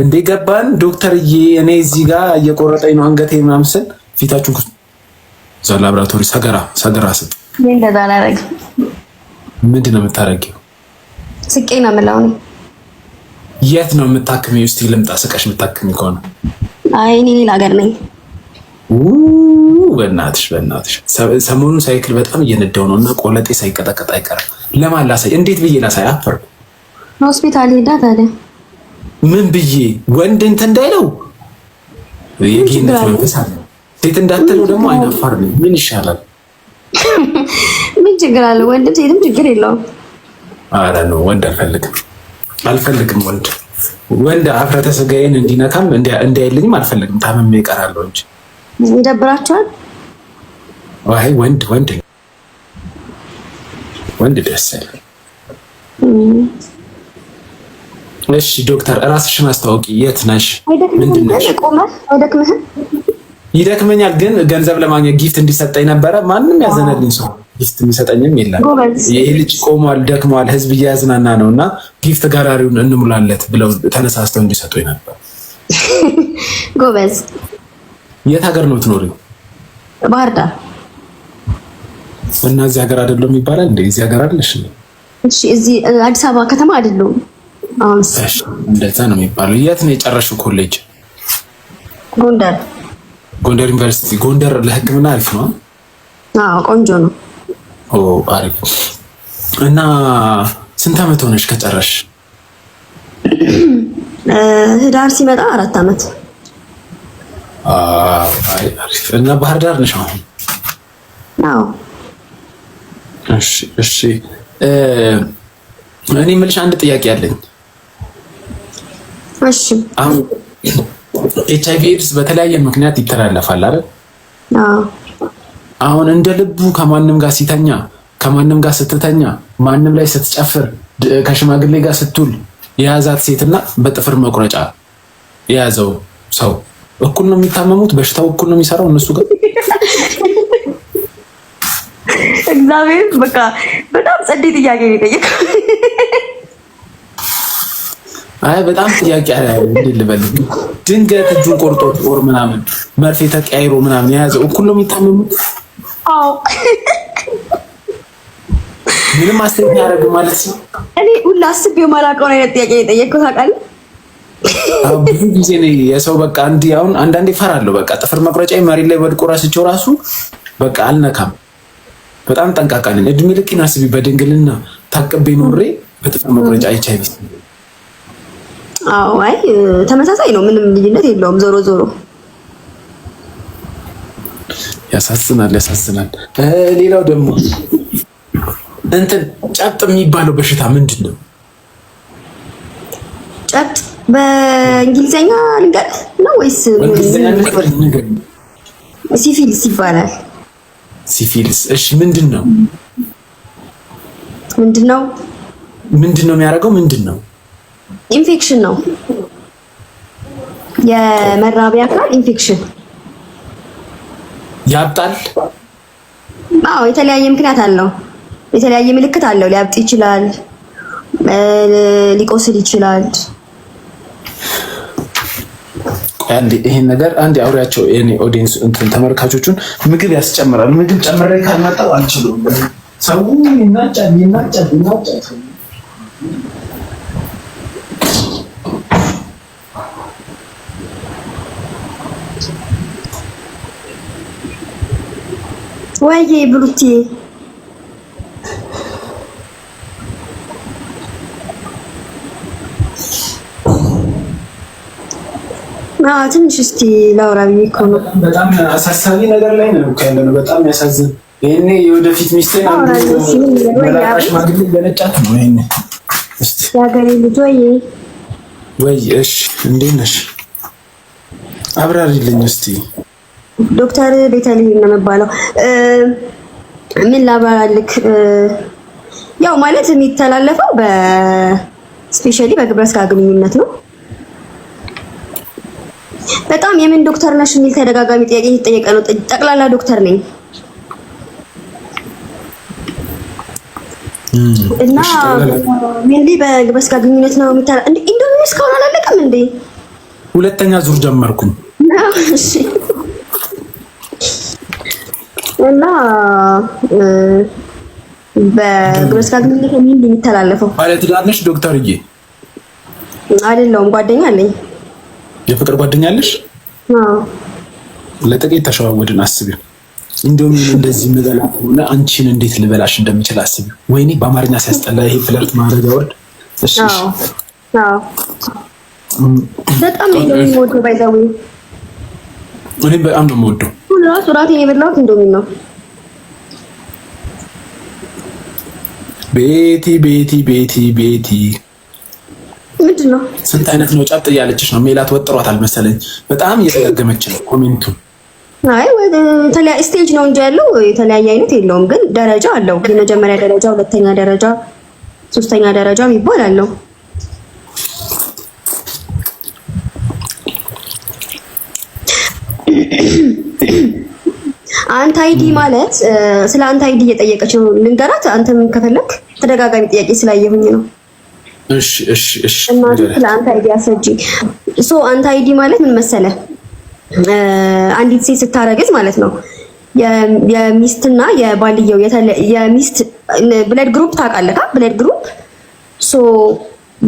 እንዴ ገባን ዶክተርዬ፣ እኔ እዚህ ጋር እየቆረጠኝ ነው አንገቴ ምናምን ስል ፊታችሁን ክስ እዛ ላብራቶሪ ሰገራ ሰገራ ስል ምን እንደዛ አላደርግም። ምንድን ነው የምታደርጊው? ስቄ ነው የምለው ነው። የት ነው የምታክሚው? እስቲ ልምጣ ስቀሽ የምታክሚ ከሆነ አይ እኔ ሌላ ሀገር ነኝ። በእናትሽ በእናትሽ፣ ሰሞኑን ሳይክል በጣም እየነዳው ነው እና ቆለጤ ሳይቀጠቀጥ አይቀርም። ለማን ላሳይ? እንዴት ብዬ ላሳይ? አፈር ሆስፒታል ሄዳ ታዲያ ምን ብዬ ወንድ እንትን እንዳይለው የጌነት መንፈስ አለ። ሴት እንዳትለው ደግሞ አይናፋር ነኝ። ምን ይሻላል? ምን ችግር አለ? ወንድ ሴትም ችግር የለውም። አረ ነው ወንድ አልፈልግም፣ አልፈልግም ወንድ ወንድ አፍረተ ስጋዬን እንዲነካም እንዲያይልኝም አልፈልግም። ታመም እቀራለሁ እንጂ ይደብራቸዋል። አይ ወንድ ወንድ ወንድ ደስ እሺ ዶክተር እራስሽን አስታውቂ። የት ነሽ? ምንድን ነሽ? ይደክመኛል ግን ገንዘብ ለማግኘት ጊፍት እንዲሰጠኝ ነበረ። ማንም ያዘነልኝ ሰው ጊፍት የሚሰጠኝም የለም። ይሄ ልጅ ቆሟል፣ ደክሟል፣ ህዝብ እያያዝናና ነው እና ጊፍት ጋራሪውን እንሙላለት ብለው ተነሳስተው እንዲሰጡኝ ነበር። ጎበዝ። የት ሀገር ነው ትኖሪው? ባህር ዳር። እና እዚህ ሀገር አይደለም ይባላል እንዴ? እዚህ ሀገር አለሽ? እሺ፣ እዚህ አዲስ አበባ ከተማ አይደለሁም እንደዛ ነው የሚባለው። የት ነው የጨረሽው ኮሌጅ? ጎንደር ጎንደር ዩኒቨርሲቲ። ጎንደር ለህክምና አሪፍ ነው። አዎ ቆንጆ ነው። ኦ አሪፍ። እና ስንት ዓመት ሆነሽ ከጨረሽ? ህዳር ሲመጣ አራት ዓመት። አሪፍ። እና ባህር ዳር ነሽ አሁን? አዎ። እሺ እሺ። እኔ የምልሽ አንድ ጥያቄ አለኝ። አሁን ኤች አይቪ ኤድስ በተለያየ ምክንያት ይተላለፋል አይደል? አሁን እንደ ልቡ ከማንም ጋር ሲተኛ፣ ከማንም ጋር ስትተኛ፣ ማንም ላይ ስትጨፍር፣ ከሽማግሌ ጋር ስትውል የያዛት ሴትና በጥፍር መቁረጫ የያዘው ሰው እኩል ነው የሚታመሙት። በሽታው እኩል ነው የሚሰራው እነሱ ጋር እግዚአብሔር በቃ በጣም ጸዴ ጥያቄ ነው የጠየቀው። አይ በጣም ጥያቄ አለ። እንዴ ልበል? ድንገት እጁን ቆርጦ ጦር ምናምን መርፌ ተቀያይሮ ምናምን የያዘው ሁሉም ነው የሚታመሙት። አዎ ምንም አስተያየት ያደረግ ማለት ነው። እኔ ሁላ አስቤ የማላውቀው ነው አይነት ጥያቄ የጠየቅኩት ታውቃለህ። ብዙ ጊዜ የሰው በቃ እንዲህ አሁን አንዳንዴ እፈራለሁ። በቃ ጥፍር መቁረጫ መሬት ላይ ወድቆ ራስቸው ራሱ በቃ አልነካም። በጣም ጠንቃቃ ነኝ። እድሜ ልክ አስቢ በድንግልና ታቅቤ ኖሬ በጥፍር መቁረጫ አይቻ ይመስል አዎ፣ አይ ተመሳሳይ ነው። ምንም ልዩነት የለውም። ዞሮ ዞሮ ያሳዝናል፣ ያሳዝናል። ሌላው ደግሞ እንትን ጨብጥ የሚባለው በሽታ ምንድን ነው? ጨጥ በእንግሊዘኛ ልንገርህ ነው ወይስ ሲፊልስ ይባላል? ሲፊልስ። እሺ፣ ምንድን ነው? ምንድን ነው? ምንድን ነው የሚያደርገው? ምንድን ነው ኢንፌክሽን ነው የመራቢያ አካል ኢንፌክሽን ያብጣል። አዎ የተለያየ ምክንያት አለው። የተለያየ ምልክት አለው። ሊያብጥ ይችላል፣ ሊቆስል ይችላል። አንድ ይሄን ነገር አንድ አውሪያቸው እኔ ኦዲየንስ እንትን ተመልካቾቹን ምግብ ያስጨምራል። ምግብ ጨምሬ ካልመጣው አልችልም። ሰው ይናጫል ይናጫል ይናጫል ወይዬ ብሩቴ ትንሽ እስቲ ላውራ ብዬ እኮ ነው። በጣም አሳሳቢ ነገር ላይ ነው ያለ ነው። በጣም ያሳዝን። ይሄኔ የወደፊት ሚስቴን ሽማግሌ ለነጫት ነው። ይሄኔ የሀገሬ ልጅ ወይ ወይ፣ እሺ እንዴት ነሽ? አብራሪልኝ እስቲ ዶክተር ቤተልሔም ነው የሚባለው። ምን ላባልክ ያው ማለት የሚተላለፈው በስፔሻሊ በግብረ ስጋ ግንኙነት ነው። በጣም የምን ዶክተር ነሽ የሚል ተደጋጋሚ ጥያቄ እየተጠየቀ ነው። ጠቅላላ ዶክተር ነኝ እና ሜንሊ በግብረ ስጋ ግንኙነት ነው የሚተላለፈው። እንዴ እስካሁን አላለቀም እንዴ? ሁለተኛ ዙር ጀመርኩኝ። እሺ እና በግብረስጋ ግንኙነት ነው የሚተላለፈው። ባለ ትዳር ነሽ ዶክተርዬ? አይደለሁም፣ ጓደኛ አለኝ። የፍቅር ጓደኛ አለሽ? አዎ። ለጥቂት ተሸዋወድን አስቢው። እንደውም እንደዚህ ምበላ ከሆነ አንቺን እንዴት ልበላሽ እንደምችል አስቢው። ወይኔ በአማርኛ ሲያስጠላ ይሄ ፍለርት ማድረግ አወርድ። እሺ፣ አዎ፣ በጣም ነው የምወደው። ባይዛዊ እኔም በጣም ነው የምወደው አሁን ራሱ ራቴን የበላሁት ነው። ቤቲ ቤቲ ቤቲ ቤቲ ምንድን ነው? ስንት አይነት ነው? ጫጥ እያለችሽ ነው። ሜላት ወጥሯታል መሰለኝ። በጣም እየተጋገመች ነው ኮሜንቱ። አይ ተለያ ስቴጅ ነው እንጂ ያለው የተለያየ አይነት የለውም፣ ግን ደረጃ አለው። የመጀመሪያ ደረጃ፣ ሁለተኛ ደረጃ፣ ሶስተኛ ደረጃ የሚባል አለው። አንተ አይዲ ማለት ስለ አንተ አይዲ እየጠየቀች ነው። ልንገራት። አንተም ከፈለክ ተደጋጋሚ ጥያቄ ስላየሁኝ ነው። እሺ፣ እሺ፣ እሺ። እናቴ ስለ አንተ አይዲ አስረጂ። ሶ አንተ አይዲ ማለት ምን መሰለ፣ አንዲት ሴት ስታረግዝ ማለት ነው የሚስትና የባልየው የሚስት ብለድ ግሩፕ ታውቃለህ? ብለድ ግሩፕ ሶ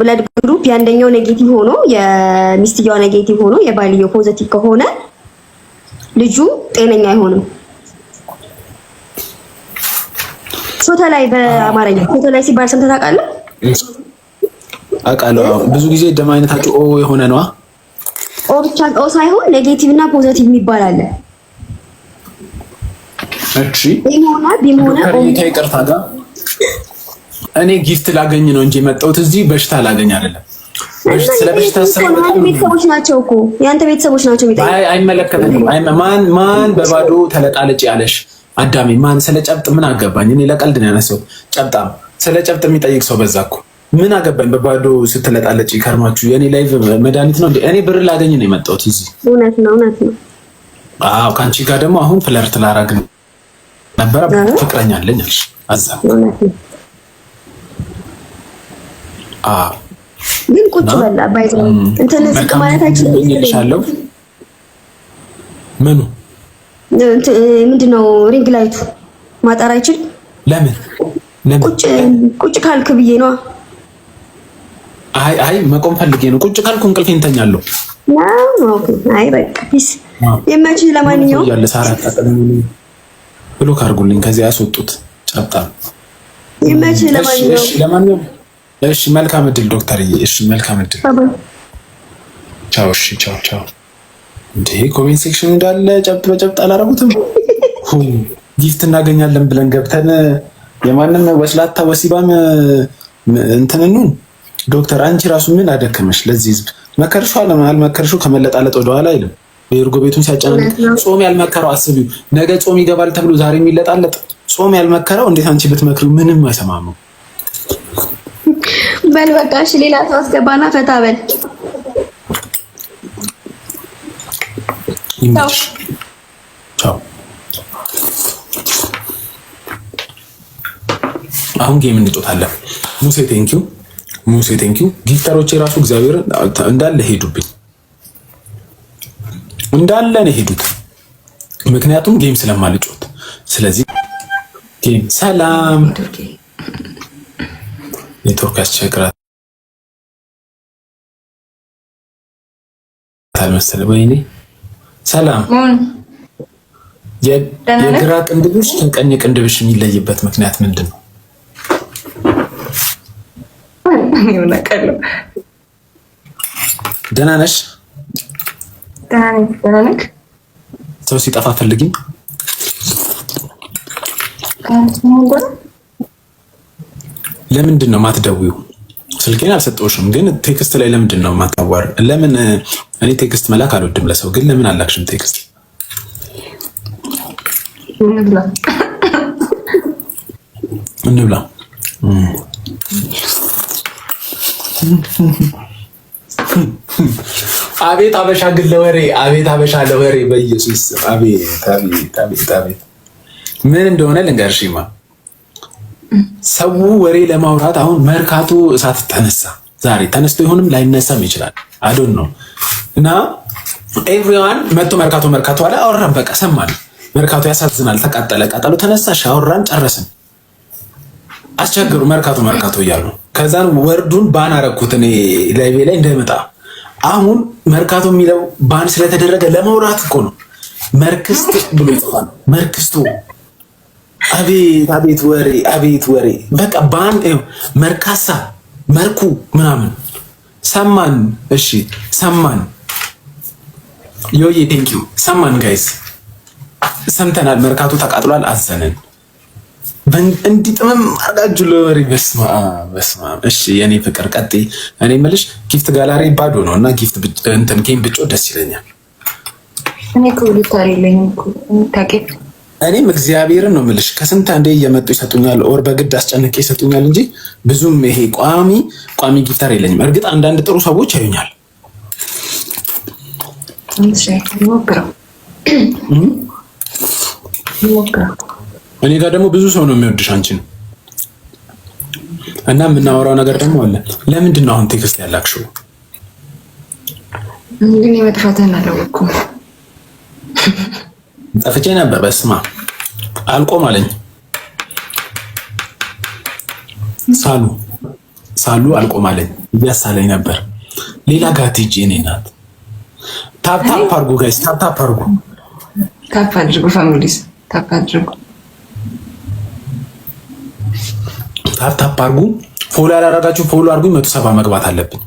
ብለድ ግሩፕ የአንደኛው ኔጌቲቭ ሆኖ የሚስትየዋ ኔጌቲቭ ሆኖ የባልየው ፖዘቲቭ ከሆነ ልጁ ጤነኛ አይሆንም። ሾተ ላይ በአማርኛ ሾተ ላይ ሲባል ሰምተህ ታውቃለህ? አውቃለሁ። ብዙ ጊዜ ደም አይነታቸው ኦ የሆነ ነዋ። ኦ ብቻ ኦ ሳይሆን ኔጌቲቭ እና ፖዘቲቭ የሚባል አለ። እሺ ቢሞና ቢሞና ይቅርታ፣ እኔ ጊፍት ላገኝ ነው እንጂ የመጣሁት እዚህ በሽታ ላገኝ አይደለም። ቤተሰቦች ናቸው እኮ የአንተ ቤተሰቦች ናቸው። አይመለከተኝም። ማን በባዶ ተለጣለጭ ያለሽ አዳሜ ማን? ስለ ጨብጥ ምን አገባኝ? እኔ ለቀልድ ነው ያነሳሁት። ጨብጣም ስለ ጨብጥ የሚጠይቅ ሰው በዛ እኮ ምን አገባኝ? በባዶ ስትለጣለጭ ይከርማችሁ። የእኔ ላይቭ መድኃኒት ነው። እኔ ብር ላገኝ ነው የመጣሁት እዚህ። እውነት ነው፣ እውነት ነው። አዎ፣ ከአንቺ ጋር ደግሞ አሁን ፍለርት ላረግ ነበረ። ፍቅረኛ አለኝ አልሽ። አዛ አዎ ግን ቁጭ በላ ባይዘ እንትን ዝቅ ማለታችን ይልሻለው። ምኑ ምንድነው? ሪንግ ላይቱ ማጣር አይችል። ለምን ቁጭ ካልክ ብዬ ነዋ። አይ አይ መቆም ፈልጌ ነው። ቁጭ ካልኩ እንቅልፍ እንተኛለሁ። አይ በቃ ፒስ የማይችል ለማንኛውም ብሎክ አድርጉልኝ፣ ከዚያ ያስወጡት ጨብጣ የማይችል ለማንኛውም እሺ መልካም እድል ዶክተር። እሺ መልካም እድል። ቻው። እሺ ቻው ቻው። እንዴ ኮሜንት ሴክሽን እንዳለ ጨብጥ በጨብጥ አላረጉትም። ጊፍት እናገኛለን ብለን ገብተን የማንም ወስላታ ወሲባም እንትንኑን ዶክተር አንቺ ራሱ ምን አደከመሽ? ለዚህ ህዝብ መከርሹ አልመከርሹ ከመለጣለጥ ወደኋላ አይልም። በእርጎ ቤቱን ሲያጨናንቅ ጾም ያልመከረው አስቢው፣ ነገ ጾም ይገባል ተብሎ ዛሬ የሚለጣለጥ ጾም ያልመከረው እንዴት አንቺ ብትመክሪው ምንም አይሰማም በል በቃ እሺ፣ ሌላ ሰው አስገባና ፈታ በል። አሁን ጌም እንጦታለን። ሙሴ ቴንኪው፣ ሙሴ ቴንኪው። ጊፍተሮቼ ራሱ እግዚአብሔር እንዳለ ሄዱብኝ፣ እንዳለ ነው ሄዱት። ምክንያቱም ጌም ስለማልጮት። ስለዚህ ጌም ሰላም ኔትወርክ ያስቸግራታል መሰለህ። ወይኔ ሰላም። የግራ ቅንድብሽ ከቀኝ ቅንድብሽ የሚለይበት ምክንያት ምንድን ነው? ደህና ነሽ? ሰው ሲጠፋ ፈልጊ ለምንድን ነው ማትደውዩ? ስልኬን አልሰጠሽም፣ ግን ቴክስት ላይ ለምንድን ነው ማታዋር? ለምን እኔ ቴክስት መላክ አልወድም ለሰው ግን ለምን አላክሽም ቴክስት? እንብላ አቤት አበሻ ግን ለወሬ አቤት አበሻ ለወሬ በኢየሱስ አቤት አቤት አቤት አቤት ምን እንደሆነ ልንገርሽማ ሰው ወሬ ለማውራት አሁን መርካቶ እሳት ተነሳ። ዛሬ ተነስቶ ይሆንም ላይነሳም ይችላል። አዶን ነው እና ኤቭሪዋን መጥቶ መርካቶ መርካቶ አለ። አወራን፣ በቃ ሰማን። መርካቶ ያሳዝናል፣ ተቃጠለ፣ ቃጠሎ ተነሳሽ፣ አወራን፣ ጨረስን። አስቸገሩ መርካቶ መርካቶ እያሉ ከዛን ወርዱን ባን አረኩት እኔ ላይቤ ላይ እንደመጣ አሁን መርካቶ የሚለው ባን ስለተደረገ ለማውራት እኮ ነው። መርክስት ብሎ ይጽፋል። መርክስቱ አቤት አቤት ወሬ አቤት ወሬ በቃ በአንድ መርካሳ መርኩ ምናምን ሰማን። እሺ ሰማን። ዮዬ ቴንኪዩ ሰማን። ጋይስ ሰምተናል። መርካቱ ተቃጥሏል። አዘንን። እንዲህ ጥምም አርጋችሁ ለወሬ በስማ በስማ። እሺ የኔ ፍቅር ቀጥይ። እኔ የምልሽ ጊፍት ጋላሪ ባዶ ነው እና ጊፍት እንትን ጌም ብጮ ደስ ይለኛል። እኔ እኮ ብልታ የለኝም እኮ እኔም እግዚአብሔርን ነው የምልሽ ከስንት አንዴ እየመጡ ይሰጡኛል፣ ኦር በግድ አስጨንቄ ይሰጡኛል እንጂ ብዙም ይሄ ቋሚ ቋሚ ጊታር የለኝም። እርግጥ አንዳንድ ጥሩ ሰዎች ያዩኛል። እኔ ጋር ደግሞ ብዙ ሰው ነው የሚወድሽ አንቺን እና የምናወራው ነገር ደግሞ አለ። ለምንድን ነው አሁን ቴክስት ያላክሽው? ግን የመጥፋትን አላወቅኩም ጠፍቼ ነበር። በስማ አልቆም አለኝ። ሳሉ ሳሉ አልቆም አለኝ። እያሳለኝ ነበር። ሌላ ጋር ትሄጂ እኔ ናት። ታፕታፕ አድርጉ ጋይስ፣ ታፕታፕ አድርጉ፣ ታፕ አድርጉ፣ ፋሚሊስ ታፕ አድርጉ፣ ታፕታፕ አድርጉ። ፎሎ ያላደረጋችሁ ፎሎ አድርጉኝ። መቶ ሰባ መግባት አለብኝ።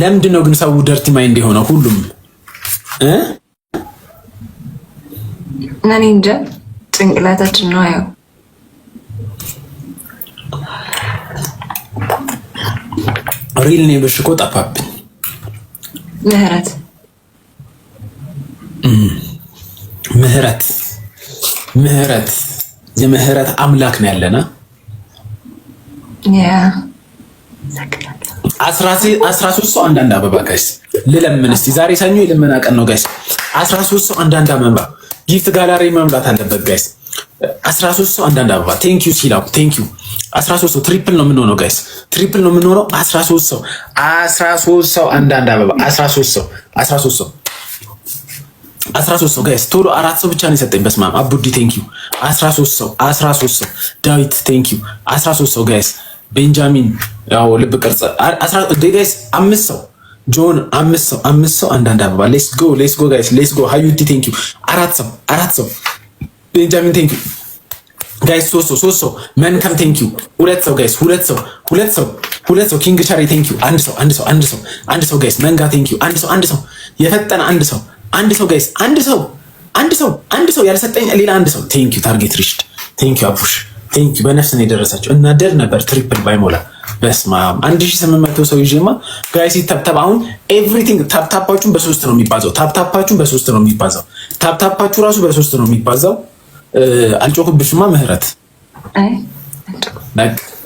ለምንድን ነው ግን ሰው ደርቲ ማይንድ የሆነው ሁሉም እኔ እንጃ ጭንቅላታችን ነው ያው ሪል ኔምሽ እኮ ጠፋብኝ። ምህረት ምህረት ምህረት የምህረት አምላክ ነው ያለና አስራ ሶስት ሰው አንዳንድ አበባ ጋይስ ልለምን እስቲ ዛሬ ሰኞ የልመና ቀን ነው ጋይስ። ሶስት ሰው አንዳንድ አበባ ጊፍት ጋላሪ መምላት አለበት ጋይስ። ሶስት ሰው አንዳንድ አበባ ቴንክ ዩ ሲላው ቴንክ ዩ ሶስት ሰው ትሪፕል ነው የምንሆነው ጋይስ፣ ትሪፕል ነው የምንሆነው። ሶስት ሰው ሶስት ሰው አንዳንድ አበባ ሶስት ሰው ሶስት ሰው ሶስት ሰው ጋይስ፣ ቶሎ አራት ሰው ብቻ ነው የሰጠኝ። በስመ አብ አቡዲ ቴንክ ዩ ሶስት ሰው ሶስት ሰው ዳዊት ቴንክ ዩ ሶስት ሰው ጋይስ፣ ቤንጃሚን ያው ልብ ቅርጽ አስራ ጋይስ አምስት ሰው ጆን አምስት ሰው አምስት ሰው አንዳንድ አበባ ሌስ ጎ ሌስ ጎ ጋይስ ሌስ ጎ ሀዩቲ ቴንክ ዩ አራት ሰው አራት ሰው ቤንጃሚን ቴንክ ዩ ጋይስ ሶስት ሰው ሶስት ሰው መንከም ቴንክ ዩ ሁለት ሰው ጋይስ ሁለት ሰው ሁለት ሰው ሁለት ሰው ኪንግ ቻሪ ቴንክ ዩ አንድ ሰው አንድ ሰው አንድ ሰው አንድ ሰው ጋይስ መንጋ ቴንክ ዩ አንድ ሰው አንድ ሰው የፈጠነ አንድ ሰው አንድ ሰው ጋይስ አንድ ሰው አንድ ሰው አንድ ሰው ያልሰጠኝ ሌላ አንድ ሰው ቴንክ ዩ ታርጌት ሪችድ ቴንክ ዩ አቡሽ ቴንክ ዩ በነፍስ ነው የደረሳቸው እና ደር ነበር ትሪፕል ባይሞላ በስማ አብ አንድ ሺህ ስምንት መቶ ሰው ይዤማ ጋይስ ይተብተብ። አሁን ኤቭሪቲንግ ታፕታፓችሁን በሶስት ነው የሚባዛው። ታፕታፓችሁን በሶስት ነው የሚባዛው። ታፕታፓችሁ ራሱ በሶስት ነው የሚባዛው። አልጮክብሽማ ምህረት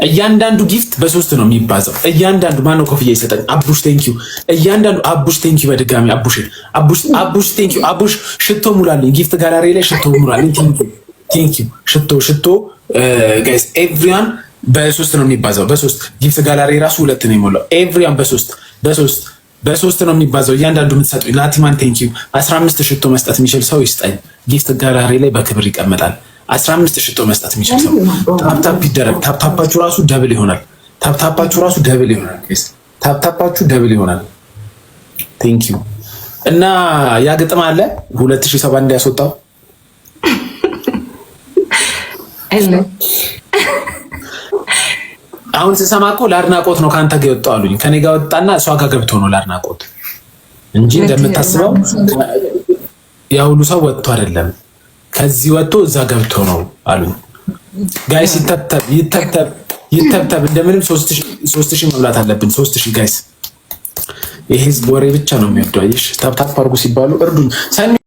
እያንዳንዱ ጊፍት በሶስት ነው የሚባዛው። እያንዳንዱ ማነው ኮፍያ ይሰጠኝ? አቡሽ ቴንኪዩ። እያንዳንዱ አቡሽ ቴንኪዩ። በድጋሚ አቡሽ አቡሽ አቡሽ ቴንኪዩ። አቡሽ ሽቶ ሙላልኝ። ጊፍት ጋራሬ ላይ ሽቶ ሙላልኝ። ቴንኪዩ ቴንኪዩ። ሽቶ ሽቶ ጋይስ ኤቭሪዋን በሶስት ነው የሚባዛው። በሶስት ጊፍት ጋላሪ ራሱ ሁለት ነው የሞላው። ኤቭሪዋን በሶስት በሶስት በሶስት ነው የሚባዛው። እያንዳንዱ የምትሰጡኝ ናቲማን ቴንኪዩ። አስራ አምስት ሽቶ መስጠት የሚችል ሰው ይስጠኝ። ጊፍት ጋላሪ ላይ በክብር ይቀመጣል። አስራ አምስት ሽቶ መስጠት የሚችል ሰው ታፕታፕ ይደረግ። ታፕታፓችሁ ራሱ ደብል ይሆናል። ታፕታፓችሁ ራሱ ደብል ይሆናል። ታፕታፓችሁ ደብል ይሆናል። ቴንኪዩ እና ያ ግጥም አለ ሁለት ሺህ ሰባ እንዲያስወጣው አሁን ስሰማ እኮ ለአድናቆት ነው ከአንተ ጋር የወጣው አሉኝ። ከኔ ጋር ወጣና እሷ ጋር ገብቶ ነው ለአድናቆት እንጂ እንደምታስበው ያ ሁሉ ሰው ወጥቶ አይደለም። ከዚህ ወጥቶ እዛ ገብቶ ነው አሉኝ። ጋይስ ይተብተብ ይተብተብ ይተብተብ። እንደምንም ሶስት ሺህ መብላት አለብን። ሶስት ሺህ ጋይስ፣ ይህ ህዝብ ወሬ ብቻ ነው የሚወደው። አየሽ፣ ታብታብ አድርጉ ሲባሉ እርዱኝ።